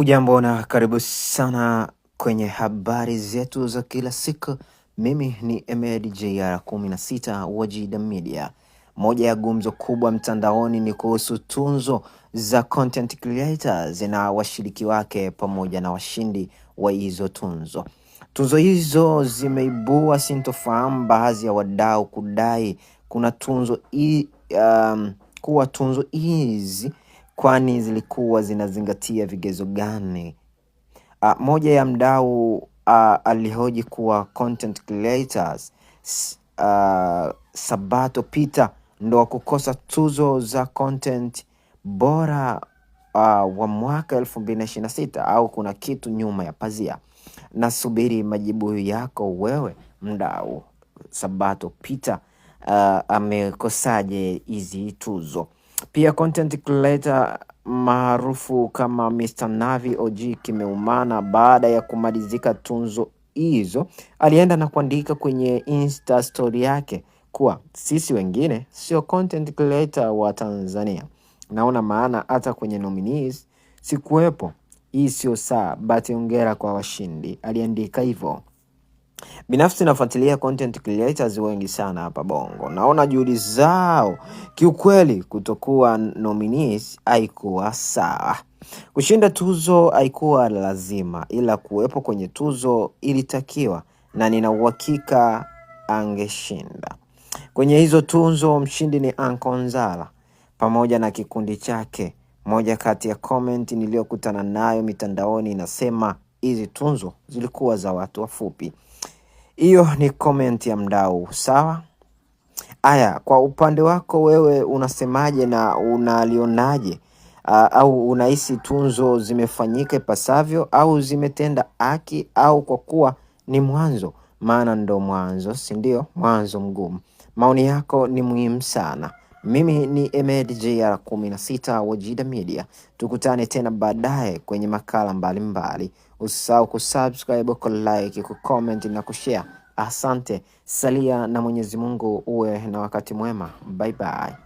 Ujambo na karibu sana kwenye habari zetu za kila siku. Mimi ni Ahmed JR 16 wa Jida Media. Moja ya gumzo kubwa mtandaoni ni kuhusu tunzo za content creators na washiriki wake pamoja na washindi wa hizo tunzo. Tunzo hizo zimeibua sintofahamu, baadhi ya wadau kudai kuna tunzo i, um, kuwa tunzo hizi kwani zilikuwa zinazingatia vigezo gani? A, ah, moja ya mdau ah, alihoji kuwa content creators a, ah, Sabato Peter ndo wakukosa tuzo za content bora a, wa mwaka sita au kuna kitu nyuma ya pazia? Nasubiri majibu yako wewe mdau. Sabato Peter uh, amekosaje hizi tuzo? Pia content creator maarufu kama Mr. Navi OG Kimeumana, baada ya kumalizika tunzo hizo, alienda na kuandika kwenye Insta story yake kuwa sisi wengine sio content creator wa Tanzania. Naona maana hata kwenye nominees sikuwepo. Hii sio saa, but ongera kwa washindi. Aliandika hivyo. Binafsi nafuatilia content creators wengi sana hapa Bongo, naona juhudi zao kiukweli. Kutokuwa nominees haikuwa sawa, kushinda tuzo haikuwa lazima, ila kuwepo kwenye tuzo ilitakiwa, na nina uhakika angeshinda kwenye hizo tuzo. Mshindi ni Ankonzala pamoja na kikundi chake. Moja kati ya comment niliyokutana nayo mitandaoni inasema hizi tunzo zilikuwa za watu wafupi. Hiyo ni comment ya mdau. Sawa. Haya, kwa upande wako wewe unasemaje na unalionaje? Uh, au unahisi tunzo zimefanyika ipasavyo au zimetenda haki au kwa kuwa ni mwanzo? Maana ndo mwanzo, si ndio? Mwanzo mgumu. Maoni yako ni muhimu sana. Mimi ni Emed JR 16 Wajida Media, tukutane tena baadaye kwenye makala mbalimbali. Usisahau kusubscribe, kulike, kucoment na kushare. Asante, salia na Mwenyezi Mungu, uwe na wakati mwema. Bye bye.